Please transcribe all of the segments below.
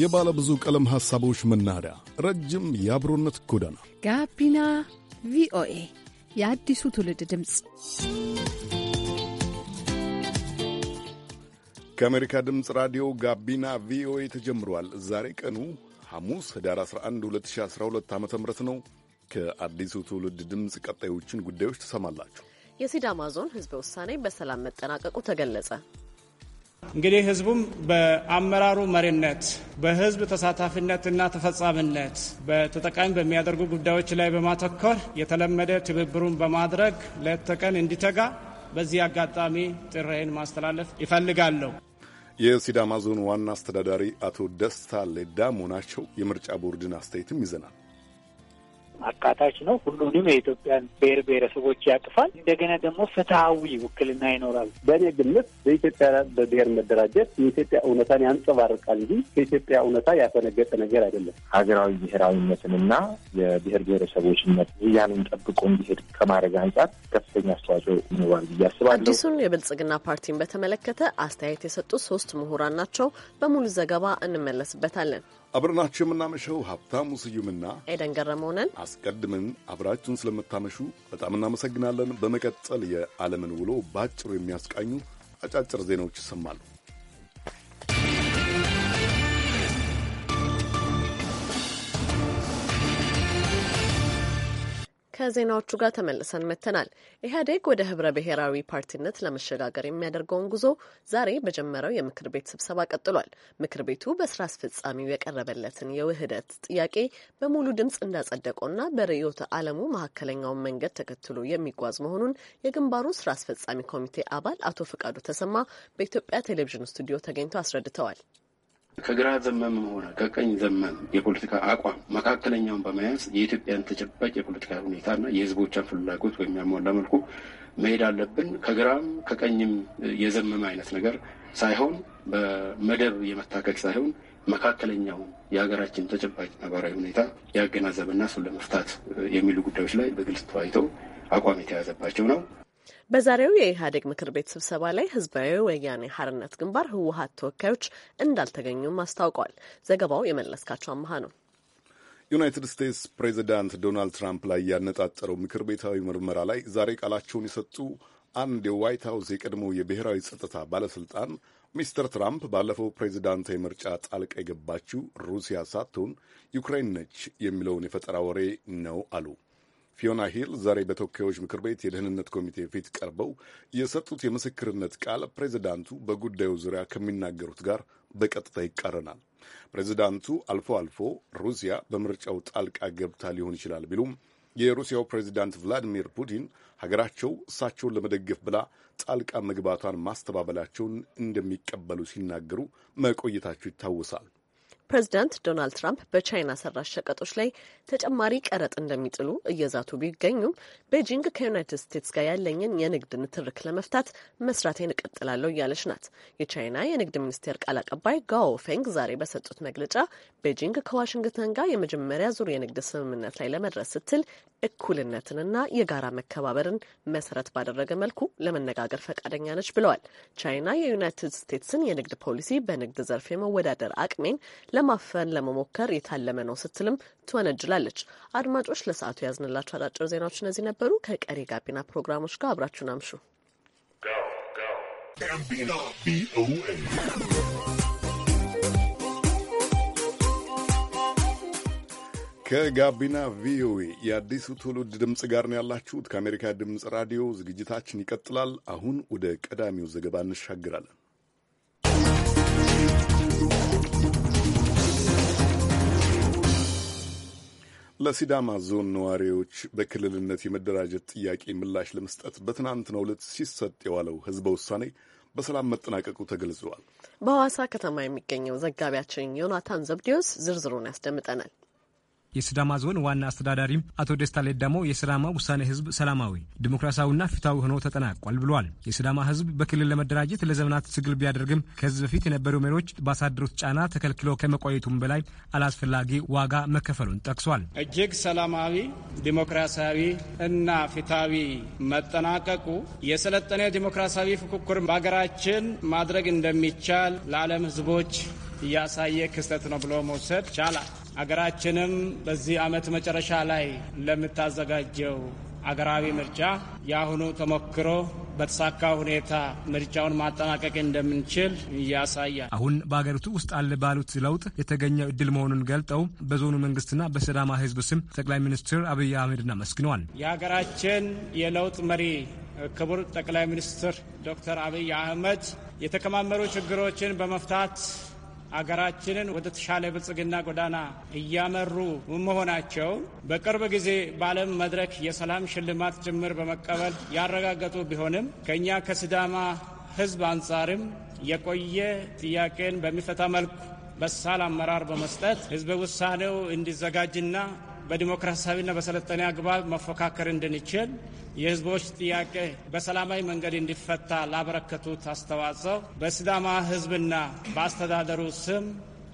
የባለ ብዙ ቀለም ሐሳቦች መናኸሪያ፣ ረጅም የአብሮነት ጎዳና ጋቢና ቪኦኤ የአዲሱ ትውልድ ድምፅ ከአሜሪካ ድምፅ ራዲዮ ጋቢና ቪኦኤ ተጀምሯል። ዛሬ ቀኑ ሐሙስ ህዳር 11 2012 ዓ ም ነው። ከአዲሱ ትውልድ ድምፅ ቀጣዮችን ጉዳዮች ትሰማላችሁ። የሲዳማ ዞን ሕዝበ ውሳኔ በሰላም መጠናቀቁ ተገለጸ። እንግዲህ ህዝቡም በአመራሩ መሪነት በህዝብ ተሳታፊነትና ተፈጻሚነት በተጠቃሚ በሚያደርጉ ጉዳዮች ላይ በማተኮር የተለመደ ትብብሩን በማድረግ ለተቀን እንዲተጋ በዚህ አጋጣሚ ጥሬን ማስተላለፍ ይፈልጋለሁ። የሲዳማ ዞን ዋና አስተዳዳሪ አቶ ደስታ ሌዳሞ ናቸው። የምርጫ ቦርድን አስተያየትም ይዘናል። አካታች ነው። ሁሉንም የኢትዮጵያን ብሔር ብሔረሰቦች ያቅፋል። እንደገና ደግሞ ፍትሐዊ ውክልና ይኖራል። በእኔ ግምት በኢትዮጵያ በብሔር መደራጀት የኢትዮጵያ እውነታን ያንጸባርቃል እንጂ ከኢትዮጵያ እውነታ ያፈነገጠ ነገር አይደለም። ሀገራዊ ብሔራዊነትንና የብሔር ብሔረሰቦችን ያንን ጠብቆ እንዲሄድ ከማድረግ አንጻር ከፍተኛ አስተዋጽኦ ይኖራል ብዬ አስባለሁ። አዲሱን የብልጽግና ፓርቲን በተመለከተ አስተያየት የሰጡ ሶስት ምሁራን ናቸው። በሙሉ ዘገባ እንመለስበታለን። አብረናችሁ የምናመሸው ሀብታሙ ስዩምና ኤደን ገረመውነን። አስቀድመን አብራችሁን ስለምታመሹ በጣም እናመሰግናለን። በመቀጠል የዓለምን ውሎ በአጭሩ የሚያስቃኙ አጫጭር ዜናዎች ይሰማሉ። ከዜናዎቹ ጋር ተመልሰን መጥተናል። ኢህአዴግ ወደ ህብረ ብሔራዊ ፓርቲነት ለመሸጋገር የሚያደርገውን ጉዞ ዛሬ በጀመረው የምክር ቤት ስብሰባ ቀጥሏል። ምክር ቤቱ በስራ አስፈጻሚው የቀረበለትን የውህደት ጥያቄ በሙሉ ድምፅ እንዳጸደቀውና በርዕዮተ ዓለሙ መካከለኛውን መንገድ ተከትሎ የሚጓዝ መሆኑን የግንባሩ ስራ አስፈጻሚ ኮሚቴ አባል አቶ ፍቃዱ ተሰማ በኢትዮጵያ ቴሌቪዥን ስቱዲዮ ተገኝተው አስረድተዋል። ከግራ ዘመምም ሆነ ከቀኝ ዘመም የፖለቲካ አቋም መካከለኛውን በመያዝ የኢትዮጵያን ተጨባጭ የፖለቲካ ሁኔታና የሕዝቦቿን ፍላጎት በሚያሟላ መልኩ መሄድ አለብን። ከግራም ከቀኝም የዘመመ አይነት ነገር ሳይሆን በመደብ የመታከክ ሳይሆን መካከለኛውን የሀገራችን ተጨባጭ ነባራዊ ሁኔታ ያገናዘብና እሱን ለመፍታት የሚሉ ጉዳዮች ላይ በግልጽ ተዋይተው አቋም የተያዘባቸው ነው። በዛሬው የኢህአዴግ ምክር ቤት ስብሰባ ላይ ህዝባዊ ወያኔ ሀርነት ግንባር ህወሀት ተወካዮች እንዳልተገኙም አስታውቀዋል። ዘገባው የመለስካቸው አመሃ ነው። ዩናይትድ ስቴትስ ፕሬዚዳንት ዶናልድ ትራምፕ ላይ ያነጣጠረው ምክር ቤታዊ ምርመራ ላይ ዛሬ ቃላቸውን የሰጡ አንድ የዋይት ሀውስ የቀድሞ የብሔራዊ ጸጥታ ባለስልጣን ሚስተር ትራምፕ ባለፈው ፕሬዚዳንታዊ ምርጫ ጣልቃ የገባችው ሩሲያ ሳትሆን ዩክሬን ነች የሚለውን የፈጠራ ወሬ ነው አሉ። ፊዮና ሂል ዛሬ በተወካዮች ምክር ቤት የደህንነት ኮሚቴ ፊት ቀርበው የሰጡት የምስክርነት ቃል ፕሬዚዳንቱ በጉዳዩ ዙሪያ ከሚናገሩት ጋር በቀጥታ ይቃረናል። ፕሬዚዳንቱ አልፎ አልፎ ሩሲያ በምርጫው ጣልቃ ገብታ ሊሆን ይችላል ቢሉም የሩሲያው ፕሬዚዳንት ቭላዲሚር ፑቲን ሀገራቸው እሳቸውን ለመደገፍ ብላ ጣልቃ መግባቷን ማስተባበላቸውን እንደሚቀበሉ ሲናገሩ መቆየታቸው ይታወሳል። ፕሬዚዳንት ዶናልድ ትራምፕ በቻይና ሰራሽ ሸቀጦች ላይ ተጨማሪ ቀረጥ እንደሚጥሉ እየዛቱ ቢገኙም ቤጂንግ ከዩናይትድ ስቴትስ ጋር ያለኝን የንግድ ንትርክ ለመፍታት መስራቴን እቀጥላለሁ እያለች ናት። የቻይና የንግድ ሚኒስቴር ቃል አቀባይ ጋኦ ፌንግ ዛሬ በሰጡት መግለጫ ቤጂንግ ከዋሽንግተን ጋር የመጀመሪያ ዙር የንግድ ስምምነት ላይ ለመድረስ ስትል እኩልነትንና የጋራ መከባበርን መሰረት ባደረገ መልኩ ለመነጋገር ፈቃደኛ ነች ብለዋል። ቻይና የዩናይትድ ስቴትስን የንግድ ፖሊሲ በንግድ ዘርፍ የመወዳደር አቅሜን ለማፈን ለመሞከር የታለመ ነው ስትልም ትወነጅላለች። አድማጮች፣ ለሰዓቱ ያዝንላቸው አጫጭር ዜናዎች እነዚህ ነበሩ። ከቀሪ ጋቢና ፕሮግራሞች ጋር አብራችሁን አምሹ። ከጋቢና ቪኦኤ የአዲሱ ትውልድ ድምፅ ጋር ነው ያላችሁት። ከአሜሪካ ድምፅ ራዲዮ ዝግጅታችን ይቀጥላል። አሁን ወደ ቀዳሚው ዘገባ እንሻገራለን። ለሲዳማ ዞን ነዋሪዎች በክልልነት የመደራጀት ጥያቄ ምላሽ ለመስጠት በትናንትናው ዕለት ሲሰጥ የዋለው ህዝበ ውሳኔ በሰላም መጠናቀቁ ተገልጸዋል። በሐዋሳ ከተማ የሚገኘው ዘጋቢያችን ዮናታን ዘብዲዮስ ዝርዝሩን ያስደምጠናል። የስዳማ ዞን ዋና አስተዳዳሪም አቶ ደስታ ሌዳሞ የስዳማ ውሳኔ ህዝብ ሰላማዊ ዲሞክራሲያዊና ፍትሐዊ ሆኖ ተጠናቋል ብለዋል። የስዳማ ህዝብ በክልል ለመደራጀት ለዘመናት ትግል ቢያደርግም ከህዝብ በፊት የነበሩ መሪዎች ባሳደሩት ጫና ተከልክሎ ከመቆየቱም በላይ አላስፈላጊ ዋጋ መከፈሉን ጠቅሷል። እጅግ ሰላማዊ ዲሞክራሲያዊ እና ፍትሐዊ መጠናቀቁ የሰለጠነ ዲሞክራሲያዊ ፉክክር በሀገራችን ማድረግ እንደሚቻል ለዓለም ህዝቦች እያሳየ ክስተት ነው ብሎ መውሰድ ቻላል። አገራችንም በዚህ ዓመት መጨረሻ ላይ ለምታዘጋጀው አገራዊ ምርጫ የአሁኑ ተሞክሮ በተሳካ ሁኔታ ምርጫውን ማጠናቀቅ እንደምንችል ያሳያል። አሁን በሀገሪቱ ውስጥ አለ ባሉት ለውጥ የተገኘው እድል መሆኑን ገልጠው በዞኑ መንግስትና በሲዳማ ህዝብ ስም ጠቅላይ ሚኒስትር አብይ አህመድን አመስግነዋል። የሀገራችን የለውጥ መሪ ክቡር ጠቅላይ ሚኒስትር ዶክተር አብይ አህመድ የተከማመሩ ችግሮችን በመፍታት አገራችንን ወደ ተሻለ ብልጽግና ጎዳና እያመሩ መሆናቸው በቅርብ ጊዜ በዓለም መድረክ የሰላም ሽልማት ጭምር በመቀበል ያረጋገጡ ቢሆንም ከእኛ ከሲዳማ ሕዝብ አንጻርም የቆየ ጥያቄን በሚፈታ መልኩ በሳል አመራር በመስጠት ህዝበ ውሳኔው እንዲዘጋጅና በዲሞክራሲያዊና በሰለጠነ አግባብ መፎካከር እንድንችል የህዝቦች ጥያቄ በሰላማዊ መንገድ እንዲፈታ ላበረከቱት አስተዋጽኦ በሲዳማ ህዝብና በአስተዳደሩ ስም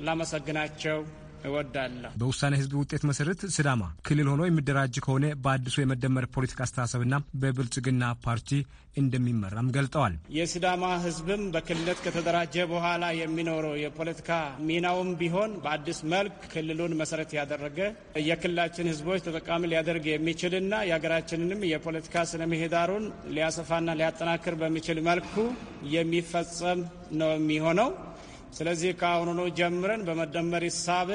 ላመሰግናቸው እወዳለሁ። በውሳኔ ህዝብ ውጤት መሰረት ሲዳማ ክልል ሆኖ የሚደራጅ ከሆነ በአዲሱ የመደመር ፖለቲካ አስተሳሰብና በብልጽግና ፓርቲ እንደሚመራም ገልጠዋል። የሲዳማ ህዝብም በክልልነት ከተደራጀ በኋላ የሚኖረው የፖለቲካ ሚናውም ቢሆን በአዲስ መልክ ክልሉን መሰረት ያደረገ የክልላችን ህዝቦች ተጠቃሚ ሊያደርግ የሚችልና የሀገራችንንም የፖለቲካ ስነ ምህዳሩን ሊያሰፋና ሊያጠናክር በሚችል መልኩ የሚፈጸም ነው የሚሆነው። ስለዚህ ከአሁኑ ጀምረን በመደመር ሂሳብ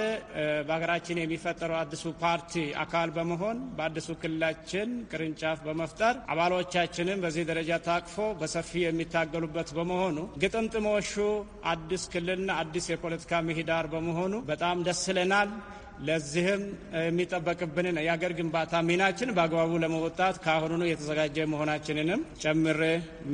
በሀገራችን የሚፈጠረው አዲሱ ፓርቲ አካል በመሆን በአዲሱ ክልላችን ቅርንጫፍ በመፍጠር አባሎቻችንም በዚህ ደረጃ ታቅፎ በሰፊ የሚታገሉበት በመሆኑ ግጥምጥሞሹ አዲስ ክልልና አዲስ የፖለቲካ ምህዳር በመሆኑ በጣም ደስ ይለናል። ለዚህም የሚጠበቅብንን የአገር ግንባታ ሚናችን በአግባቡ ለመወጣት ከአሁኑ የተዘጋጀ መሆናችንንም ጨምሬ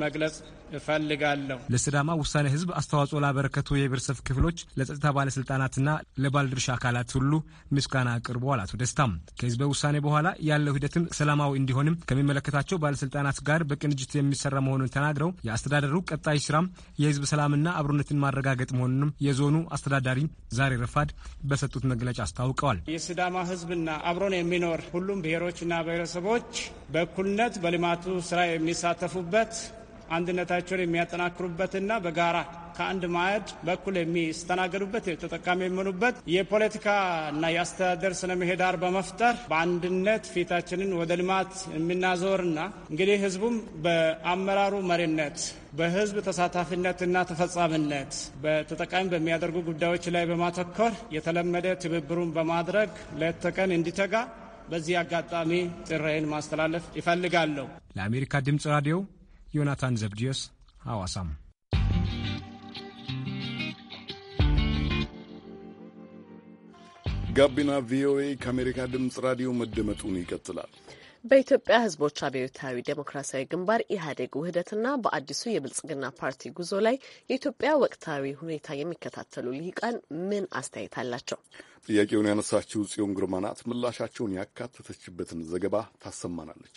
መግለጽ እፈልጋለሁ። ለስዳማ ውሳኔ ህዝብ አስተዋጽኦ ላበረከቱ የብሔረሰብ ክፍሎች፣ ለጸጥታ ባለስልጣናትና ለባለድርሻ አካላት ሁሉ ምስጋና አቅርበዋል። አቶ ደስታም ከህዝበ ውሳኔ በኋላ ያለው ሂደትም ሰላማዊ እንዲሆንም ከሚመለከታቸው ባለስልጣናት ጋር በቅንጅት የሚሰራ መሆኑን ተናግረው የአስተዳደሩ ቀጣይ ስራም የህዝብ ሰላምና አብሮነትን ማረጋገጥ መሆኑንም የዞኑ አስተዳዳሪ ዛሬ ረፋድ በሰጡት መግለጫ አስታውቀዋል። የስዳማ ህዝብና አብሮን የሚኖር ሁሉም ብሔሮችና ብሔረሰቦች በእኩልነት በልማቱ ስራ የሚሳተፉበት አንድነታቸውን የሚያጠናክሩበትና በጋራ ከአንድ ማዕድ በኩል የሚስተናገዱበት ተጠቃሚ የሚሆኑበት የፖለቲካና የአስተዳደር ስነ ምህዳር በመፍጠር በአንድነት ፊታችንን ወደ ልማት የምናዞርና እንግዲህ ህዝቡም በአመራሩ መሪነት በህዝብ ተሳታፊነትና ተፈጻሚነት በተጠቃሚ በሚያደርጉ ጉዳዮች ላይ በማተኮር የተለመደ ትብብሩን በማድረግ ሌት ተቀን እንዲተጋ በዚህ አጋጣሚ ጥሬን ማስተላለፍ ይፈልጋለሁ። ለአሜሪካ ድምፅ ራዲዮ ዮናታን ዘብድዮስ ሐዋሳም ጋቢና ቪኦኤ ከአሜሪካ ድምፅ ራዲዮ መደመጡን ይቀጥላል። በኢትዮጵያ ሕዝቦች አብዮታዊ ዴሞክራሲያዊ ግንባር ኢህአዴግ ውህደትና በአዲሱ የብልጽግና ፓርቲ ጉዞ ላይ የኢትዮጵያ ወቅታዊ ሁኔታ የሚከታተሉ ልሂቃን ምን አስተያየት አላቸው? ጥያቄውን ያነሳችው ጽዮን ግርማ ናት። ምላሻቸውን ያካተተችበትን ዘገባ ታሰማናለች።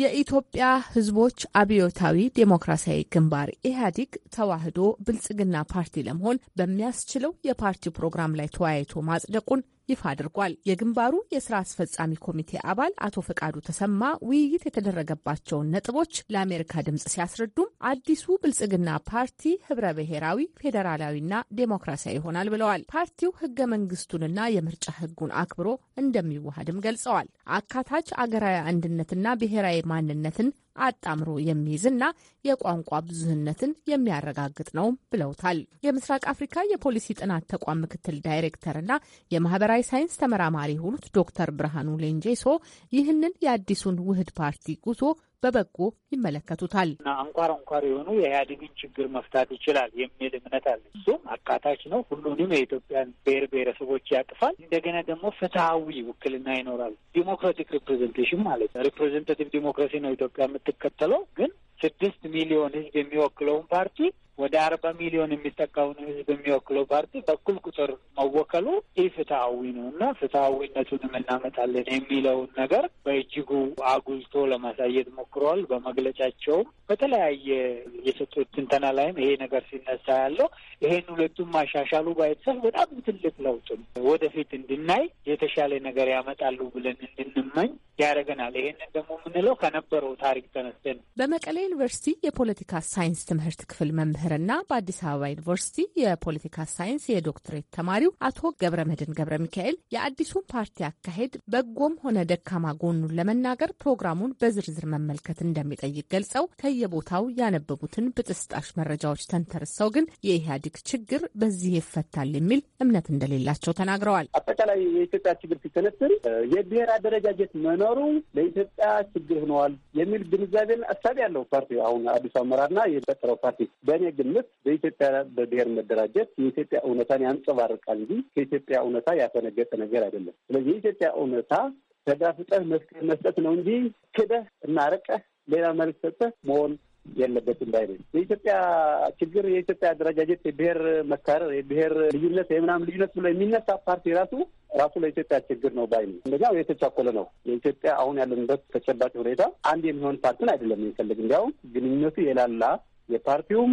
የኢትዮጵያ ሕዝቦች አብዮታዊ ዴሞክራሲያዊ ግንባር ኢህአዲግ ተዋህዶ ብልጽግና ፓርቲ ለመሆን በሚያስችለው የፓርቲ ፕሮግራም ላይ ተወያይቶ ማጽደቁን ይፋ አድርጓል። የግንባሩ የስራ አስፈጻሚ ኮሚቴ አባል አቶ ፈቃዱ ተሰማ ውይይት የተደረገባቸውን ነጥቦች ለአሜሪካ ድምጽ ሲያስረዱም አዲሱ ብልጽግና ፓርቲ ህብረ ብሔራዊ ፌዴራላዊና ዴሞክራሲያዊ ይሆናል ብለዋል። ፓርቲው ህገ መንግስቱንና የምርጫ ህጉን አክብሮ እንደሚዋሃድም ገልጸዋል። አካታች አገራዊ አንድነትና ብሔራዊ ማንነትን አጣምሮ የሚይዝና የቋንቋ ብዙህነትን የሚያረጋግጥ ነው ብለውታል። የምስራቅ አፍሪካ የፖሊሲ ጥናት ተቋም ምክትል ዳይሬክተርና የማህበራዊ ሳይንስ ተመራማሪ የሆኑት ዶክተር ብርሃኑ ሌንጄሶ ይህንን የአዲሱን ውህድ ፓርቲ ጉዞ በበጎ ይመለከቱታል። አንኳር አንኳር የሆኑ የኢህአዴግን ችግር መፍታት ይችላል የሚል እምነት አለ። እሱም አካታች ነው። ሁሉንም የኢትዮጵያን ብሔር ብሔረሰቦች ያቅፋል። እንደገና ደግሞ ፍትሐዊ ውክልና ይኖራል። ዲሞክራቲክ ሪፕሬዘንቴሽን ማለት ነው። ሪፕሬዘንታቲቭ ዲሞክራሲ ነው ኢትዮጵያ የምትከተለው ግን ስድስት ሚሊዮን ህዝብ የሚወክለውን ፓርቲ ወደ አርባ ሚሊዮን የሚጠቃውን ህዝብ የሚወክለው ፓርቲ በኩል ቁጥር መወከሉ ኢፍትሐዊ ነው እና ፍትሐዊነቱንም እናመጣለን የሚለውን ነገር በእጅጉ አጉልቶ ለማሳየት ሞክረዋል። በመግለጫቸውም በተለያየ የሰጡት ትንተና ላይም ይሄ ነገር ሲነሳ ያለው ይሄን ሁለቱም ማሻሻሉ ባይተሰብ በጣም ትልቅ ለውጥ ወደፊት እንድናይ የተሻለ ነገር ያመጣሉ ብለን እንድንመኝ ያደረገናል። ይሄንን ደግሞ የምንለው ከነበረው ታሪክ ተነስተን በመቀሌ ዩኒቨርሲቲ የፖለቲካ ሳይንስ ትምህርት ክፍል መምህር መምህርና በአዲስ አበባ ዩኒቨርሲቲ የፖለቲካ ሳይንስ የዶክትሬት ተማሪው አቶ ገብረ መድን ገብረ ሚካኤል የአዲሱን ፓርቲ አካሄድ በጎም ሆነ ደካማ ጎኑን ለመናገር ፕሮግራሙን በዝርዝር መመልከት እንደሚጠይቅ ገልጸው ከየቦታው ያነበቡትን ብጥስጣሽ መረጃዎች ተንተርሰው ግን የኢህአዴግ ችግር በዚህ ይፈታል የሚል እምነት እንደሌላቸው ተናግረዋል። አጠቃላይ የኢትዮጵያ ችግር ሲተነትን የብሔር አደረጃጀት መኖሩ ለኢትዮጵያ ችግር ሆነዋል የሚል ግንዛቤን አሳቢ ያለው ፓርቲ አሁን አዲሱ አመራርና የፈጠረው ፓርቲ በእኔ ግምት በኢትዮጵያ በብሔር መደራጀት የኢትዮጵያ እውነታን ያንጸባርቃል እንጂ ከኢትዮጵያ እውነታ ያፈነገጠ ነገር አይደለም። ስለዚህ የኢትዮጵያ እውነታ ተጋፍጠህ መስክር መስጠት ነው እንጂ ክደህ እና ሌላ መልክ ሰጠህ መሆን የለበትም ባይ ነኝ። የኢትዮጵያ ችግር የኢትዮጵያ አደረጃጀት የብሔር መካረር፣ የብሔር ልዩነት፣ የምናምን ልዩነት ብሎ የሚነሳ ፓርቲ ራሱ ራሱ ለኢትዮጵያ ችግር ነው ባይ ነኝ። እንደኛው የተቻኮለ ነው። የኢትዮጵያ አሁን ያለንበት ተጨባጭ ሁኔታ አንድ የሚሆን ፓርቲን አይደለም የሚፈልግ እንዲያውም ግንኙነቱ የላላ የፓርቲውም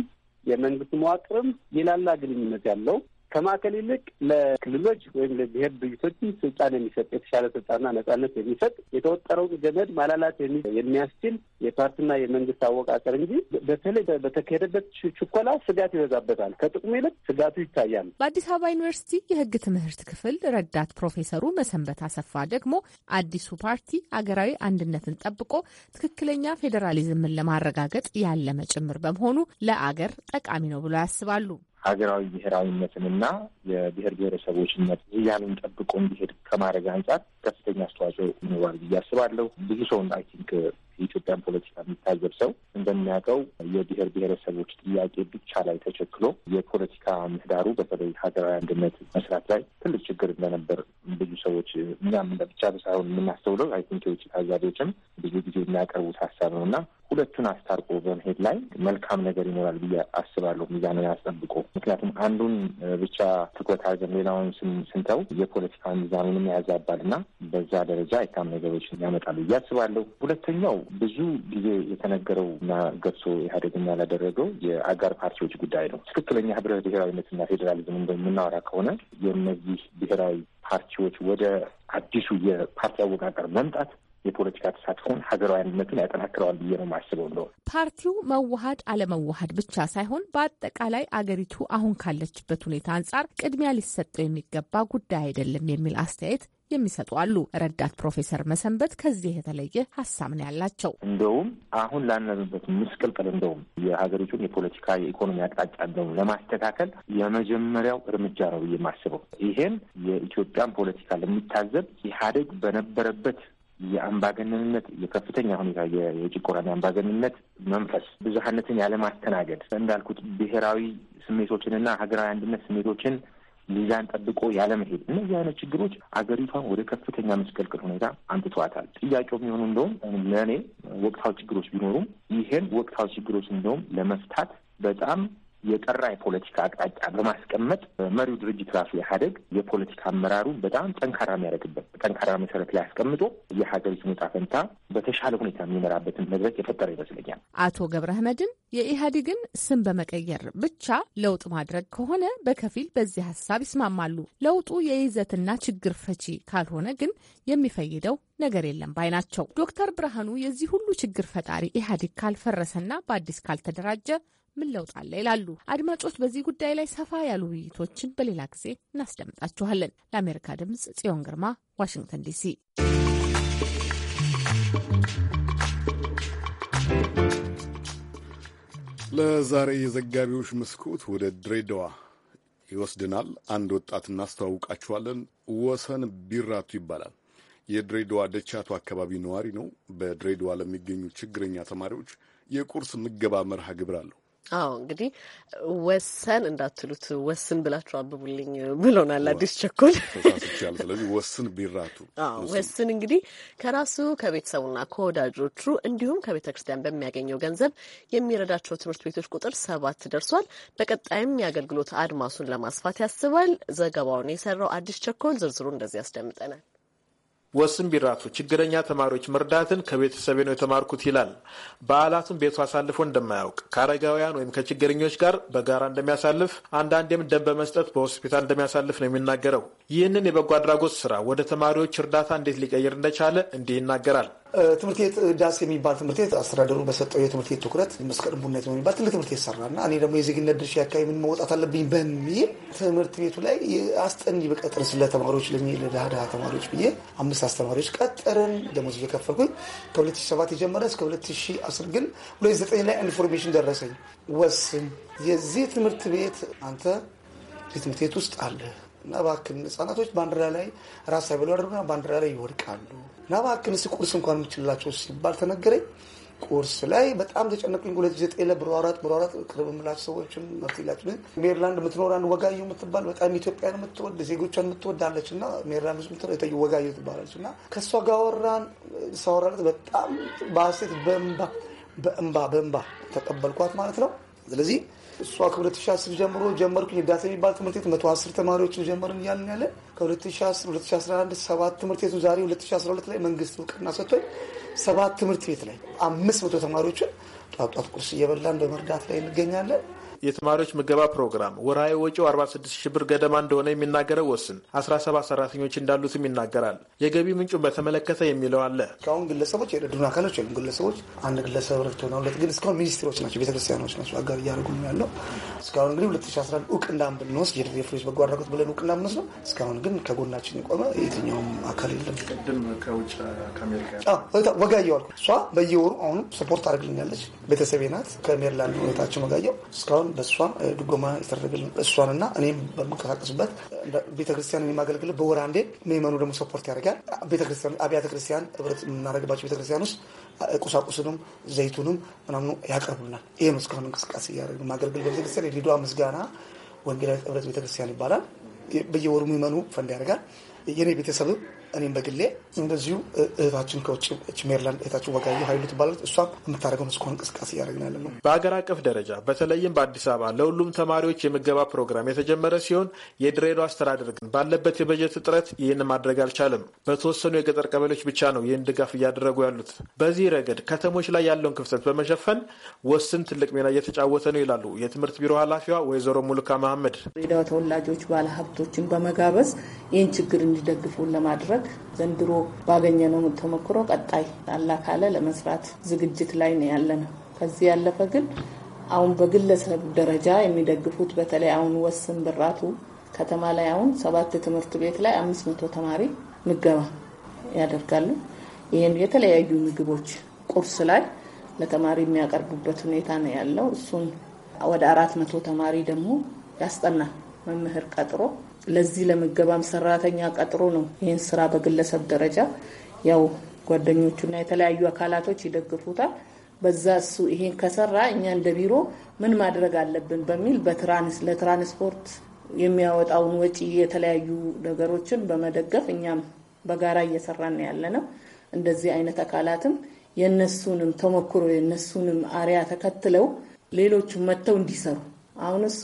የመንግስት መዋቅርም የላላ ግንኙነት ያለው ከማዕከል ይልቅ ለክልሎች ወይም ለብሔር ድርጅቶችን ስልጣን የሚሰጥ የተሻለ ስልጣንና ነጻነት የሚሰጥ የተወጠረውን ገመድ ማላላት የሚያስችል የፓርቲና የመንግስት አወቃቀር እንጂ በተለይ በተካሄደበት ችኮላ ስጋት ይበዛበታል። ከጥቅሙ ይልቅ ስጋቱ ይታያል። በአዲስ አበባ ዩኒቨርሲቲ የህግ ትምህርት ክፍል ረዳት ፕሮፌሰሩ መሰንበት አሰፋ ደግሞ አዲሱ ፓርቲ አገራዊ አንድነትን ጠብቆ ትክክለኛ ፌዴራሊዝምን ለማረጋገጥ ያለመ ጭምር በመሆኑ ለአገር ጠቃሚ ነው ብሎ ያስባሉ። ሀገራዊ ብሔራዊነትንና የብሔር ብሔረሰቦችነት ያንን ጠብቆ እንዲሄድ ከማድረግ አንጻር ከፍተኛ አስተዋጽኦ ይኖራል ብዬ አስባለሁ። ብዙ ሰውን አይ ቲንክ የኢትዮጵያን ፖለቲካ የሚታዘብ ሰው እንደሚያውቀው የብሔር ብሔረሰቦች ጥያቄ ብቻ ላይ ተቸክሎ የፖለቲካ ምህዳሩ በተለይ ሀገራዊ አንድነት መስራት ላይ ትልቅ ችግር እንደነበር ብዙ ሰዎች እኛም ብቻ ሳይሆን የምናስተውለው አይ ቲንክ የውጭ ታዛቢዎችም ብዙ ጊዜ የሚያቀርቡት ሀሳብ ነው እና ሁለቱን አስታርቆ በመሄድ ላይ መልካም ነገር ይኖራል ብዬ አስባለሁ። ሚዛንን አስጠብቆ ምክንያቱም አንዱን ብቻ ትኩረት አድርገን ሌላውን ስንተው የፖለቲካ ሚዛኑንም ያዛባል እና በዛ ደረጃ የካም ነገሮችን ያመጣሉ ብዬ አስባለሁ። ሁለተኛው ብዙ ጊዜ የተነገረው እና ገብሶ ኢህአዴግም ያላደረገው የአጋር ፓርቲዎች ጉዳይ ነው። ትክክለኛ ህብረ ብሔራዊነትና ፌዴራሊዝም እንደምናወራ ከሆነ የእነዚህ ብሔራዊ ፓርቲዎች ወደ አዲሱ የፓርቲ አወቃቀር መምጣት የፖለቲካ ተሳትፎን ሀገራዊ አንድነትን ያጠናክረዋል ብዬ ነው የማስበው። እንደሆነ ፓርቲው መዋሀድ አለመዋሀድ ብቻ ሳይሆን በአጠቃላይ አገሪቱ አሁን ካለችበት ሁኔታ አንጻር ቅድሚያ ሊሰጠው የሚገባ ጉዳይ አይደለም የሚል አስተያየት የሚሰጡ አሉ። ረዳት ፕሮፌሰር መሰንበት ከዚህ የተለየ ሀሳብ ነው ያላቸው። እንደውም አሁን ላለንበት ምስቅልቅል እንደውም የሀገሪቱን የፖለቲካ የኢኮኖሚ አቅጣጫ እንደውም ለማስተካከል የመጀመሪያው እርምጃ ነው ብዬ የማስበው ይሄም የኢትዮጵያን ፖለቲካ ለሚታዘብ ኢህአዴግ በነበረበት የአምባገነንነት የከፍተኛ ሁኔታ የጭቆራን አምባገነንነት መንፈስ ብዙሀነትን ያለማስተናገድ እንዳልኩት ብሔራዊ ስሜቶችንና ሀገራዊ አንድነት ስሜቶችን ሚዛን ጠብቆ ያለመሄድ፣ እነዚህ አይነት ችግሮች አገሪቷን ወደ ከፍተኛ መስቀልቅል ሁኔታ አንትቷታል። ጥያቄው የሚሆኑ እንደውም ለእኔ ወቅታዊ ችግሮች ቢኖሩም ይሄን ወቅታዊ ችግሮች እንደውም ለመፍታት በጣም የጠራ የፖለቲካ አቅጣጫ በማስቀመጥ መሪው ድርጅት ራሱ ኢህአደግ የፖለቲካ አመራሩን በጣም ጠንካራ የሚያደርግበት ጠንካራ መሰረት ላይ አስቀምጦ የሀገሪቱን ዕጣ ፈንታ በተሻለ ሁኔታ የሚመራበትን መድረክ የፈጠረ ይመስለኛል። አቶ ገብረ አህመድን የኢህአዴግን ስም በመቀየር ብቻ ለውጥ ማድረግ ከሆነ በከፊል በዚህ ሀሳብ ይስማማሉ። ለውጡ የይዘትና ችግር ፈቺ ካልሆነ ግን የሚፈይደው ነገር የለም ባይ ናቸው። ዶክተር ብርሃኑ የዚህ ሁሉ ችግር ፈጣሪ ኢህአዴግ ካልፈረሰና በአዲስ ካልተደራጀ ምን ለውጥ አለ ይላሉ። አድማጮች፣ በዚህ ጉዳይ ላይ ሰፋ ያሉ ውይይቶችን በሌላ ጊዜ እናስደምጣችኋለን። ለአሜሪካ ድምጽ ጽዮን ግርማ፣ ዋሽንግተን ዲሲ። ለዛሬ የዘጋቢዎች መስኮት ወደ ድሬዳዋ ይወስድናል። አንድ ወጣት እናስተዋውቃችኋለን። ወሰን ቢራቱ ይባላል። የድሬዳዋ ደቻቱ አካባቢ ነዋሪ ነው። በድሬዳዋ ለሚገኙ ችግረኛ ተማሪዎች የቁርስ ምገባ መርሃ ግብር አለው። አዎ እንግዲህ ወሰን እንዳትሉት ወስን ብላችሁ አብቡልኝ ብሎናል አዲስ ቸኮል። ስለዚህ ወስን ቢራቱ ወስን እንግዲህ ከራሱ ከቤተሰቡና ከወዳጆቹ እንዲሁም ከቤተ ክርስቲያን በሚያገኘው ገንዘብ የሚረዳቸው ትምህርት ቤቶች ቁጥር ሰባት ደርሷል። በቀጣይም የአገልግሎት አድማሱን ለማስፋት ያስባል። ዘገባውን የሰራው አዲስ ቸኮል ዝርዝሩ እንደዚህ ያስደምጠናል። ወስም ቢራቱ ችግረኛ ተማሪዎች መርዳትን ከቤተሰቤ ነው የተማርኩት ይላል። በዓላቱን ቤቱ አሳልፎ እንደማያውቅ ከአረጋውያን ወይም ከችግረኞች ጋር በጋራ እንደሚያሳልፍ አንዳንዴም ደም በመስጠት በሆስፒታል እንደሚያሳልፍ ነው የሚናገረው። ይህንን የበጎ አድራጎት ስራ ወደ ተማሪዎች እርዳታ እንዴት ሊቀይር እንደቻለ እንዲህ ይናገራል። ትምህርት ቤት ዳስ የሚባል ትምህርት ቤት አስተዳደሩ በሰጠው የትምህርት ቤት ትኩረት መስቀል ቡነት የሚባል ትልቅ ትምህርት ቤት ሰራና እኔ ደግሞ የዜግነት ድርሻ አካባቢ ምን መውጣት አለብኝ በሚል ትምህርት ቤቱ ላይ አስጠኒ በቀጥር ስለ ተማሪዎች ለሚ ተማሪዎች ብዬ አምስት አስተማሪዎች ቀጠርን ደሞዝ እየከፈልኩኝ ከ2007 የጀመረ እስከ 2010 ግን 2009 ላይ ኢንፎርሜሽን ደረሰኝ ወስን የዚህ ትምህርት ቤት አንተ ትምህርት ቤት ውስጥ አለ እና እባክህን ህጻናቶች ባንዲራ ላይ ራስ ሳይበሉ ያደርጉና ባንዲራ ላይ ይወድቃሉ እና እባክህን ስቁርስ እንኳን የምችልላቸው ሲባል ተነገረኝ ቁርስ ላይ በጣም ተጨነቅኝ። ሁለት ጊዜ ጤለ ብሯራት ብሯራት ቅርብ የምላቸው ሰዎችም መፍትሄ የላቸው። ሜሪላንድ የምትኖር አንድ ወጋዩ የምትባል በጣም ኢትዮጵያን የምትወድ ዜጎቿን የምትወዳለች እና ሜሪላንድ ውስጥ የምትኖር ወጋዩ ትባላለች እና ከእሷ ጋር ወራን ሳወራለት በጣም በሐሴት በእንባ በእንባ በእንባ ተቀበልኳት ማለት ነው። ስለዚህ እሷ ከ2010 ጀምሮ ጀመርኩኝ እርዳታ የሚባል ትምህርት ቤት 110 ተማሪዎችን ጀመርን እያልን ያለ ከ2010 2011 ሰባት ትምህርት ቤቱ ዛሬ 2012 ላይ መንግስት እውቅና ሰጥቶኝ ሰባት ትምህርት ቤት ላይ አምስት መቶ ተማሪዎችን ጧጧት ቁርስ እየበላን በመርዳት ላይ እንገኛለን። የተማሪዎች ምገባ ፕሮግራም ወርሃዊ ወጪው 46 ሺህ ብር ገደማ እንደሆነ የሚናገረው ወስን 17 ሰራተኞች እንዳሉትም ይናገራል። የገቢ ምንጩን በተመለከተ የሚለው አለ። እስካሁን ግለሰቦች የረዱን አካሎች የሉም። ግለሰቦች አንድ ግለሰብ ረድቶና ሁለት ግን እስካሁን ሚኒስትሮች ናቸው፣ ቤተክርስቲያኖች ናቸው አጋር እያደረጉ ያለው እስካሁን እንግዲህ 2011 እውቅና ብንወስድ የፍሬዎች በጎ አድራጎት ብለን እውቅና ብንወስድ ነው። እስካሁን ግን ከጎናችን የቆመ የትኛውም አካል የለም። ቅድም አልኩ። እሷ በየወሩ አሁኑ ሰፖርት አድርግልኛለች። ቤተሰቤ ናት። ከሜሪላንድ ሁኔታቸው ወጋየሁ እስካሁን እሷም በእሷ ድጎማ የተደረገልን እሷን እና እኔም በምንቀሳቀስበት ቤተክርስቲያን የማገልግል በወር አንዴ ምዕመኑ ደግሞ ሰፖርት ያደርጋል። ቤተክርስቲያን አብያተ ክርስቲያን ህብረት የምናደርግባቸው ቤተክርስቲያን ውስጥ ቁሳቁስንም ዘይቱንም ምናምኑ ያቀርቡልናል። ይሄ ነው እስካሁን እንቅስቃሴ እያደረግን ማገልግል በቤተክርስቲያን የድሬዳዋ ምስጋና ወንጌላዊት ህብረት ቤተክርስቲያን ይባላል። በየወሩ የሚመኑ ፈንድ ያደርጋል። የእኔ ቤተሰብም እኔም በግሌ እንደዚሁ እህታችን ከውጭ ሜሪላንድ እህታችን ወጋየሁ ሀይሉ ትባላለች። እሷም የምታደርገውን እስካሁን እንቅስቃሴ እያደረግን ያለ ነው። በሀገር አቀፍ ደረጃ በተለይም በአዲስ አበባ ለሁሉም ተማሪዎች የምገባ ፕሮግራም የተጀመረ ሲሆን የድሬዳዋ አስተዳደር ግን ባለበት የበጀት እጥረት ይህን ማድረግ አልቻለም። በተወሰኑ የገጠር ቀበሌዎች ብቻ ነው ይህን ድጋፍ እያደረጉ ያሉት። በዚህ ረገድ ከተሞች ላይ ያለውን ክፍተት በመሸፈን ወስን ትልቅ ሚና እየተጫወተ ነው ይላሉ የትምህርት ቢሮ ኃላፊዋ ወይዘሮ ሙልካ መሐመድ። ድሬዳዋ ተወላጆች ባለሀብቶችን በመጋበዝ ይህን ችግር እንዲደግፉን ለማድረግ ለማድረግ ዘንድሮ ባገኘነው ተሞክሮ ቀጣይ ካለ ለመስራት ዝግጅት ላይ ነው ነው። ከዚህ ያለፈ ግን አሁን በግለሰብ ደረጃ የሚደግፉት በተለይ አሁን ወስን ብራቱ ከተማ ላይ አሁን ሰባት ትምህርት ቤት ላይ አምስት መቶ ተማሪ ምገባ ያደርጋሉ። ይህን የተለያዩ ምግቦች ቁርስ ላይ ለተማሪ የሚያቀርቡበት ሁኔታ ነው ያለው። እሱን ወደ አራት መቶ ተማሪ ደግሞ ያስጠናል መምህር ቀጥሮ ለዚህ ለምገባም ሰራተኛ ቀጥሮ ነው ይህን ስራ በግለሰብ ደረጃ ያው ጓደኞቹና የተለያዩ አካላቶች ይደግፉታል። በዛ እሱ ይሄን ከሰራ እኛ እንደ ቢሮ ምን ማድረግ አለብን በሚል ለትራንስፖርት የሚያወጣውን ወጪ የተለያዩ ነገሮችን በመደገፍ እኛም በጋራ እየሰራን ያለ ነው። እንደዚህ አይነት አካላትም የነሱንም ተሞክሮ የነሱንም አሪያ ተከትለው ሌሎቹም መጥተው እንዲሰሩ አሁን እሱ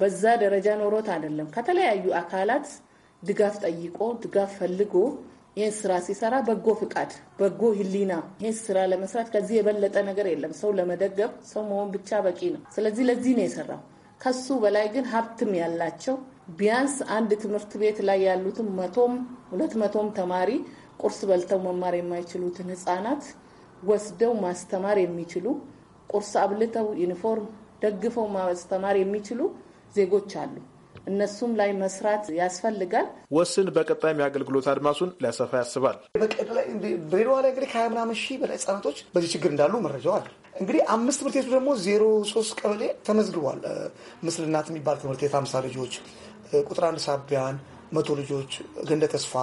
በዛ ደረጃ ኖሮት አይደለም። ከተለያዩ አካላት ድጋፍ ጠይቆ ድጋፍ ፈልጎ ይህን ስራ ሲሰራ በጎ ፍቃድ፣ በጎ ህሊና ይህን ስራ ለመስራት ከዚህ የበለጠ ነገር የለም። ሰው ለመደገፍ ሰው መሆን ብቻ በቂ ነው። ስለዚህ ለዚህ ነው የሰራው። ከሱ በላይ ግን ሀብትም ያላቸው ቢያንስ አንድ ትምህርት ቤት ላይ ያሉትን መቶም ሁለት መቶም ተማሪ ቁርስ በልተው መማር የማይችሉትን ህጻናት ወስደው ማስተማር የሚችሉ ቁርስ አብልተው ዩኒፎርም ደግፈው ማስተማር የሚችሉ ዜጎች አሉ። እነሱም ላይ መስራት ያስፈልጋል። ወስን በቀጣይም የአገልግሎት አድማሱን ሊያሰፋ ያስባል። በሌለዋ ላይ እንግዲህ ከሀያ ምናምን ሺህ በላይ ህጻናቶች በዚህ ችግር እንዳሉ መረጃው አለ። እንግዲህ አምስት ትምህርት ቤቱ ደግሞ ዜሮ ሶስት ቀበሌ ተመዝግቧል። ምስልናት የሚባል ትምህርት ቤት አምሳ ልጆች ቁጥር አንድ ሳቢያን መቶ ልጆች ገንደ ተስፋ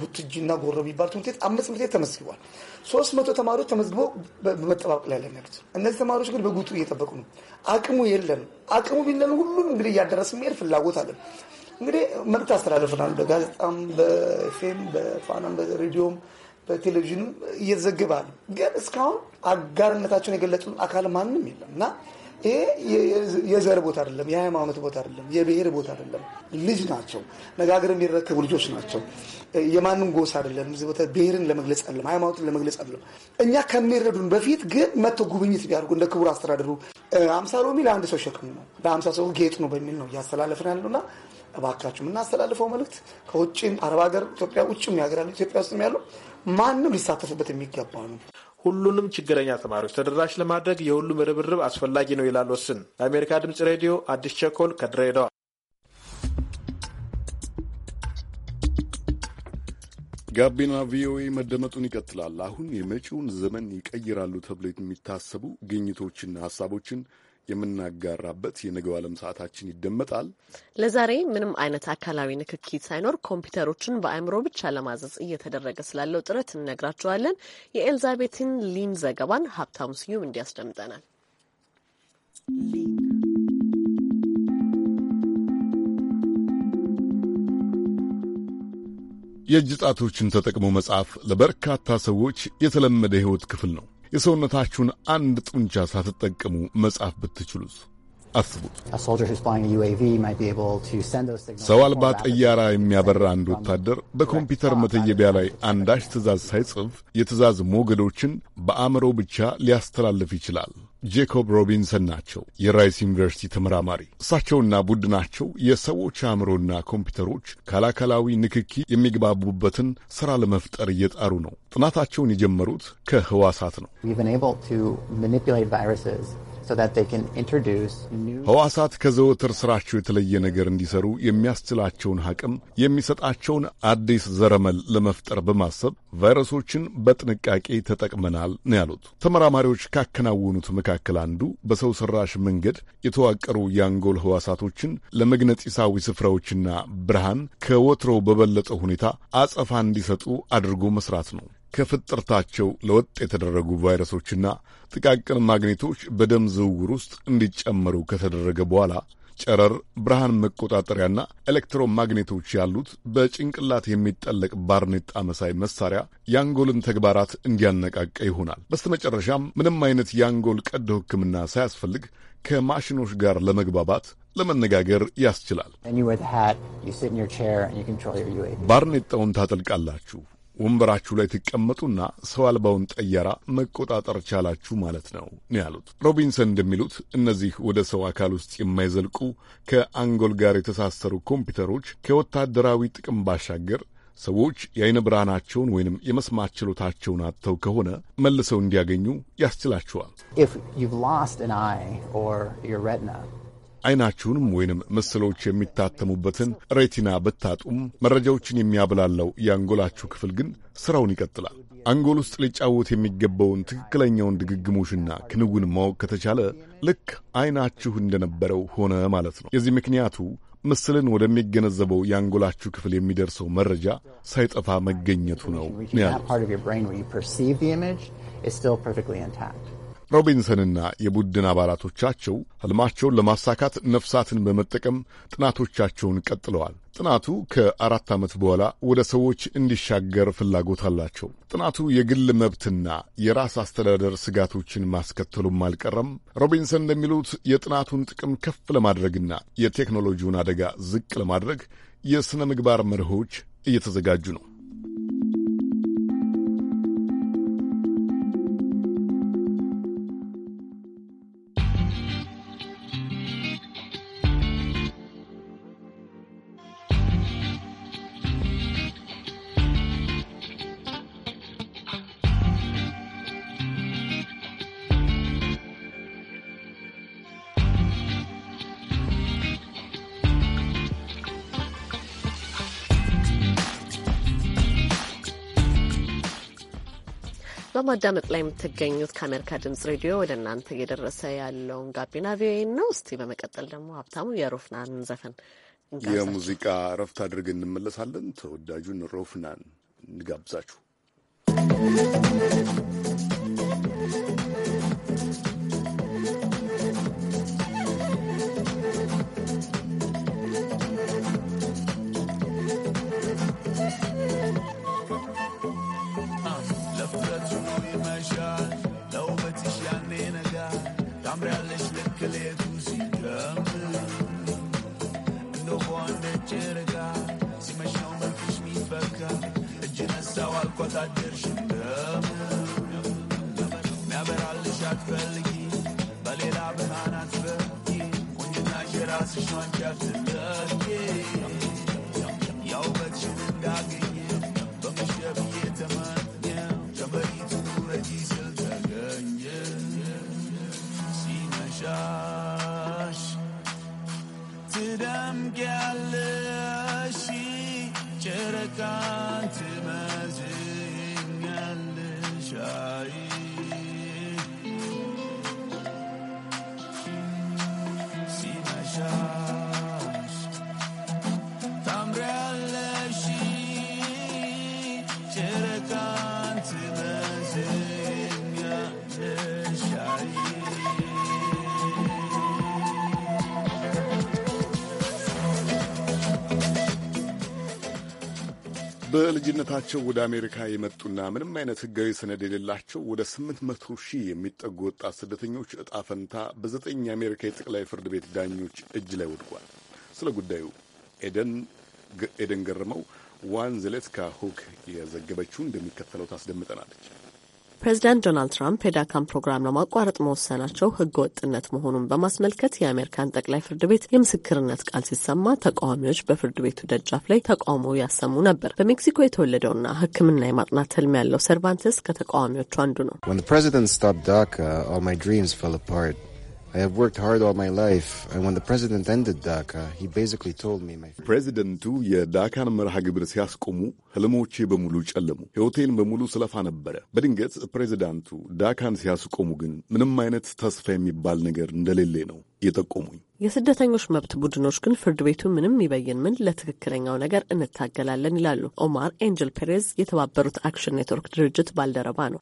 ቡትጅ እና ጎሮ የሚባሉት ትምህርት ቤት አምስት ትምህርት ቤት ተመዝግቧል። ሶስት መቶ ተማሪዎች ተመዝግቦ በመጠባበቅ ላይ ያሉት እነዚህ ተማሪዎች ግን በጉጡ እየጠበቁ ነው። አቅሙ የለን። አቅሙ ቢለን ሁሉም እንግዲህ እያደረስ የሚሄድ ፍላጎት አለን። እንግዲህ መልዕክት አስተላልፈናል። በጋዜጣም፣ በኤፍኤም፣ በፋናም፣ በሬዲዮም፣ በቴሌቪዥንም እየተዘገባል። ግን እስካሁን አጋርነታቸውን የገለጹ አካል ማንም የለም እና ይሄ የዘር ቦታ አይደለም፣ የሃይማኖት ቦታ አይደለም፣ የብሔር ቦታ አይደለም። ልጅ ናቸው፣ ነጋገር የሚረከቡ ልጆች ናቸው። የማንም ጎሳ አይደለም፣ ቦታ ብሔርን ለመግለጽ አይደለም፣ ሃይማኖትን ለመግለጽ አይደለም። እኛ ከሚረዱን በፊት ግን መጥተው ጉብኝት ቢያደርጉ እንደ ክቡር አስተዳደሩ አምሳ ሎሚ ለአንድ ሰው ሸክሙ ነው፣ ለአምሳ ሰው ጌጥ ነው በሚል ነው እያስተላለፍን ያለውና እባካችሁ የምናስተላልፈው መልእክት ከውጭም አረብ ሀገር ኢትዮጵያ ውጭም ያገራል ኢትዮጵያ ውስጥ ያለው ማንም ሊሳተፍበት የሚገባ ነው። ሁሉንም ችግረኛ ተማሪዎች ተደራሽ ለማድረግ የሁሉም ርብርብ አስፈላጊ ነው ይላል ወስን። ለአሜሪካ ድምጽ ሬዲዮ አዲስ ቸኮል ከድሬዳዋ። ጋቢና ቪኦኤ መደመጡን ይቀጥላል። አሁን የመጪውን ዘመን ይቀይራሉ ተብሎ የሚታሰቡ ግኝቶችና ሀሳቦችን የምናጋራበት የነገው ዓለም ሰዓታችን ይደመጣል። ለዛሬ ምንም አይነት አካላዊ ንክኪ ሳይኖር ኮምፒውተሮችን በአእምሮ ብቻ ለማዘዝ እየተደረገ ስላለው ጥረት እንነግራችኋለን። የኤልዛቤትን ሊን ዘገባን ሀብታሙ ስዩም እንዲያስደምጠናል። የእጅ ጣቶችን ተጠቅሞ መጻፍ ለበርካታ ሰዎች የተለመደ ሕይወት ክፍል ነው። የሰውነታችሁን አንድ ጡንቻ ሳትጠቀሙ መጻፍ ብትችሉት አስቡት። ሰው አልባ ጠያራ የሚያበራ አንድ ወታደር በኮምፒውተር መተየቢያ ላይ አንዳች ትእዛዝ ሳይጽፍ የትእዛዝ ሞገዶችን በአእምሮ ብቻ ሊያስተላልፍ ይችላል። ጄኮብ ሮቢንሰን ናቸው የራይስ ዩኒቨርሲቲ ተመራማሪ። እሳቸውና ቡድናቸው የሰዎች አእምሮና ኮምፒውተሮች ካላካላዊ ንክኪ የሚግባቡበትን ሥራ ለመፍጠር እየጣሩ ነው። ጥናታቸውን የጀመሩት ከህዋሳት ነው። ህዋሳት ከዘወትር ስራቸው የተለየ ነገር እንዲሰሩ የሚያስችላቸውን አቅም የሚሰጣቸውን አዲስ ዘረመል ለመፍጠር በማሰብ ቫይረሶችን በጥንቃቄ ተጠቅመናል ነው ያሉት። ተመራማሪዎች ካከናወኑት መካከል አንዱ በሰው ሰራሽ መንገድ የተዋቀሩ የአንጎል ህዋሳቶችን ለመግነጢሳዊ ስፍራዎችና ብርሃን ከወትሮው በበለጠ ሁኔታ አጸፋ እንዲሰጡ አድርጎ መስራት ነው። ከፍጥርታቸው ለወጥ የተደረጉ ቫይረሶችና ጥቃቅን ማግኔቶች በደም ዝውውር ውስጥ እንዲጨመሩ ከተደረገ በኋላ ጨረር፣ ብርሃን መቆጣጠሪያና ኤሌክትሮማግኔቶች ያሉት በጭንቅላት የሚጠለቅ ባርኔጣ መሳይ መሳሪያ የአንጎልን ተግባራት እንዲያነቃቀ ይሆናል። በስተመጨረሻም ምንም አይነት የአንጎል ቀዶ ሕክምና ሳያስፈልግ ከማሽኖች ጋር ለመግባባት ለመነጋገር ያስችላል። ባርኔጣውን ታጠልቃላችሁ። ወንበራችሁ ላይ ትቀመጡና ሰው አልባውን ጠያራ መቆጣጠር ቻላችሁ ማለት ነው ነው ያሉት። ሮቢንሰን እንደሚሉት እነዚህ ወደ ሰው አካል ውስጥ የማይዘልቁ ከአንጎል ጋር የተሳሰሩ ኮምፒውተሮች ከወታደራዊ ጥቅም ባሻገር ሰዎች የአይነ ብርሃናቸውን ወይንም የመስማት ችሎታቸውን አጥተው ከሆነ መልሰው እንዲያገኙ ያስችላቸዋል። አይናችሁንም ወይንም ምስሎች የሚታተሙበትን ሬቲና ብታጡም መረጃዎችን የሚያብላለው የአንጎላችሁ ክፍል ግን ስራውን ይቀጥላል። አንጎል ውስጥ ሊጫወት የሚገባውን ትክክለኛውን ድግግሞሽና ክንውን ማወቅ ከተቻለ ልክ አይናችሁ እንደነበረው ሆነ ማለት ነው። የዚህ ምክንያቱ ምስልን ወደሚገነዘበው የአንጎላችሁ ክፍል የሚደርሰው መረጃ ሳይጠፋ መገኘቱ ነው ያሉት። ሮቢንሰንና የቡድን አባላቶቻቸው ሕልማቸውን ለማሳካት ነፍሳትን በመጠቀም ጥናቶቻቸውን ቀጥለዋል። ጥናቱ ከአራት ዓመት በኋላ ወደ ሰዎች እንዲሻገር ፍላጎት አላቸው። ጥናቱ የግል መብትና የራስ አስተዳደር ስጋቶችን ማስከተሉም አልቀረም። ሮቢንሰን እንደሚሉት የጥናቱን ጥቅም ከፍ ለማድረግና የቴክኖሎጂውን አደጋ ዝቅ ለማድረግ የሥነ ምግባር መርሆች እየተዘጋጁ ነው። በማዳመጥ ላይ የምትገኙት ከአሜሪካ ድምጽ ሬዲዮ ወደ እናንተ እየደረሰ ያለውን ጋቢና ቪኦኤ ነው። እስቲ በመቀጠል ደግሞ ሀብታሙ የሮፍናን ዘፈን የሙዚቃ እረፍት አድርገን እንመለሳለን። ተወዳጁን ሮፍናን እንጋብዛችሁ። በልጅነታቸው ወደ አሜሪካ የመጡና ምንም አይነት ሕጋዊ ሰነድ የሌላቸው ወደ ስምንት መቶ ሺህ የሚጠጉ ወጣት ስደተኞች እጣ ፈንታ በዘጠኝ የአሜሪካ የጠቅላይ ፍርድ ቤት ዳኞች እጅ ላይ ወድቋል። ስለ ጉዳዩ ኤደን ገርመው ዋን ዘሌትካ ሁክ የዘገበችው እንደሚከተለው ታስደምጠናለች። ፕሬዚዳንት ዶናልድ ትራምፕ የዳካም ፕሮግራም ለማቋረጥ መወሰናቸው ህገ ወጥነት መሆኑን በማስመልከት የአሜሪካን ጠቅላይ ፍርድ ቤት የምስክርነት ቃል ሲሰማ ተቃዋሚዎች በፍርድ ቤቱ ደጃፍ ላይ ተቃውሞ ያሰሙ ነበር። በሜክሲኮ የተወለደውና ሕክምና የማጥናት ህልም ያለው ሰርቫንተስ ከተቃዋሚዎቹ አንዱ ነው። I have worked hard all my life, and when the president ended DACA, he basically told me my ፕሬዚደንቱ የዳካን መርሃ ግብር ሲያስቆሙ ህልሞቼ በሙሉ ጨለሙ፣ ሕይወቴን በሙሉ ስለፋ ነበረ። በድንገት ፕሬዚዳንቱ ዳካን ሲያስቆሙ ግን ምንም አይነት ተስፋ የሚባል ነገር እንደሌለ ነው የጠቆሙኝ። የስደተኞች መብት ቡድኖች ግን ፍርድ ቤቱ ምንም ይበይን ምን ለትክክለኛው ነገር እንታገላለን ይላሉ። ኦማር ኤንጀል ፔሬዝ የተባበሩት አክሽን ኔትወርክ ድርጅት ባልደረባ ነው።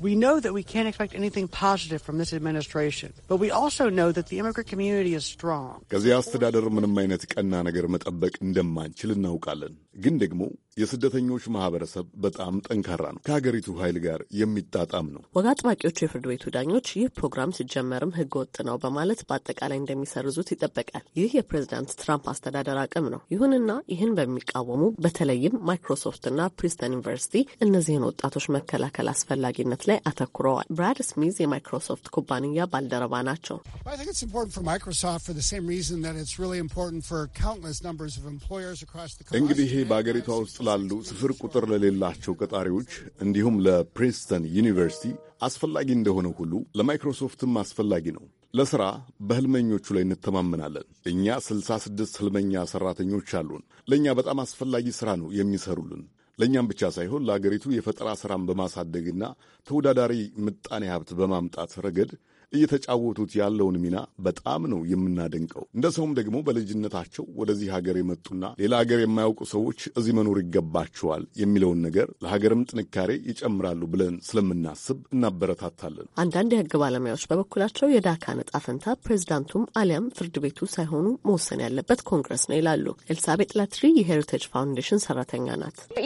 ከዚህ አስተዳደር ምንም አይነት ቀና ነገር መጠበቅ እንደማንችል እናውቃለን። ግን ደግሞ የስደተኞች ማህበረሰብ በጣም ጠንካራ ነው፣ ከሀገሪቱ ኃይል ጋር የሚጣጣም ነው። ወግ አጥባቂዎቹ የፍርድ ቤቱ ዳኞች ይህ ፕሮግራም ሲጀመርም ህገ ወጥ ነው በማለት በአጠቃላይ እንደሚሰርዙት ይጠበቃል። ይህ የፕሬዚዳንት ትራምፕ አስተዳደር አቅም ነው። ይሁንና ይህን በሚቃወሙ በተለይም ማይክሮሶፍትና ፕሪስተን ዩኒቨርሲቲ እነዚህን ወጣቶች መከላከል አስፈላጊነት ላይ አተኩረዋል። ብራድ ስሚዝ የማይክሮሶፍት ኩባንያ ባልደረባ ናቸው። እንግዲህ በሀገሪቷ ውስጥ ላሉ ስፍር ቁጥር ለሌላቸው ቀጣሪዎች እንዲሁም ለፕሪንስተን ዩኒቨርሲቲ አስፈላጊ እንደሆነ ሁሉ ለማይክሮሶፍትም አስፈላጊ ነው። ለሥራ በሕልመኞቹ ላይ እንተማመናለን። እኛ 66 ሕልመኛ ሠራተኞች አሉን። ለእኛ በጣም አስፈላጊ ሥራ ነው የሚሠሩልን። ለእኛም ብቻ ሳይሆን ለአገሪቱ የፈጠራ ሥራን በማሳደግና ተወዳዳሪ ምጣኔ ሀብት በማምጣት ረገድ እየተጫወቱት ያለውን ሚና በጣም ነው የምናደንቀው። እንደ ሰውም ደግሞ በልጅነታቸው ወደዚህ ሀገር የመጡና ሌላ ሀገር የማያውቁ ሰዎች እዚህ መኖር ይገባቸዋል የሚለውን ነገር ለሀገርም ጥንካሬ ይጨምራሉ ብለን ስለምናስብ እናበረታታለን። አንዳንድ የህግ ባለሙያዎች በበኩላቸው የዳካ ነጻ ፈንታ ፕሬዚዳንቱም አሊያም ፍርድ ቤቱ ሳይሆኑ መወሰን ያለበት ኮንግረስ ነው ይላሉ። ኤልሳቤጥ ላትሪ የሄሪቴጅ ፋውንዴሽን ሰራተኛ ናት። uh,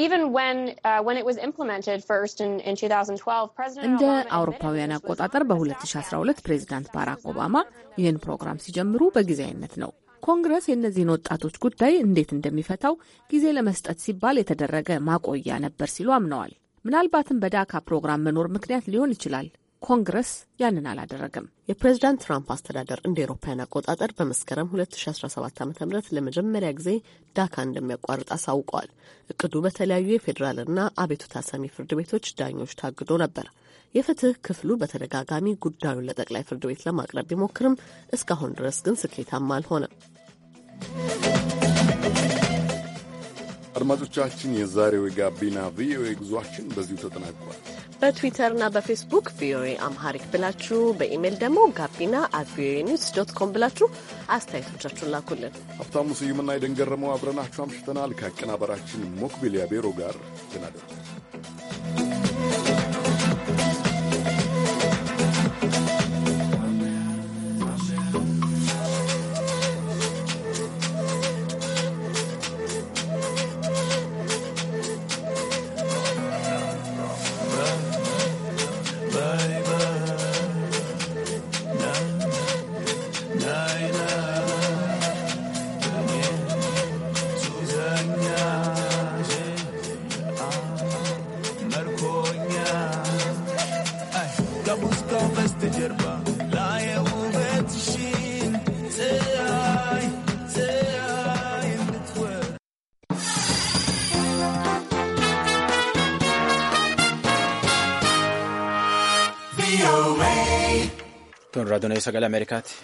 እንደ አውሮፓውያን አቆጣጠር በ2012 ዓመት ፕሬዚዳንት ባራክ ኦባማ ይህን ፕሮግራም ሲጀምሩ በጊዜያዊነት ነው። ኮንግረስ የእነዚህን ወጣቶች ጉዳይ እንዴት እንደሚፈታው ጊዜ ለመስጠት ሲባል የተደረገ ማቆያ ነበር ሲሉ አምነዋል። ምናልባትም በዳካ ፕሮግራም መኖር ምክንያት ሊሆን ይችላል። ኮንግረስ ያንን አላደረገም። የፕሬዚዳንት ትራምፕ አስተዳደር እንደ ኤሮፓያን አቆጣጠር በመስከረም 2017 ዓ ም ለመጀመሪያ ጊዜ ዳካ እንደሚያቋርጥ አሳውቀዋል። እቅዱ በተለያዩ የፌዴራልና አቤቱታ ሰሚ ፍርድ ቤቶች ዳኞች ታግዶ ነበር። የፍትህ ክፍሉ በተደጋጋሚ ጉዳዩን ለጠቅላይ ፍርድ ቤት ለማቅረብ ቢሞክርም እስካሁን ድረስ ግን ስኬታማ አልሆነም። አድማጮቻችን፣ የዛሬው የጋቢና ቪኦኤ ጉዟችን በዚሁ ተጠናቋል። በትዊተርና በፌስቡክ ቪኦኤ አምሃሪክ ብላችሁ በኢሜይል ደግሞ ጋቢና አት ቪኦኤ ኒውስ ዶት ኮም ብላችሁ አስተያየቶቻችሁን ላኩልን። ሀብታሙ ስዩምና የደንገረመው አብረናችሁ አምሽተናል። ከአቀናበራችን ሞክቢሊያ ቤሮ ጋር ተናደሩ። سقال امريكاتي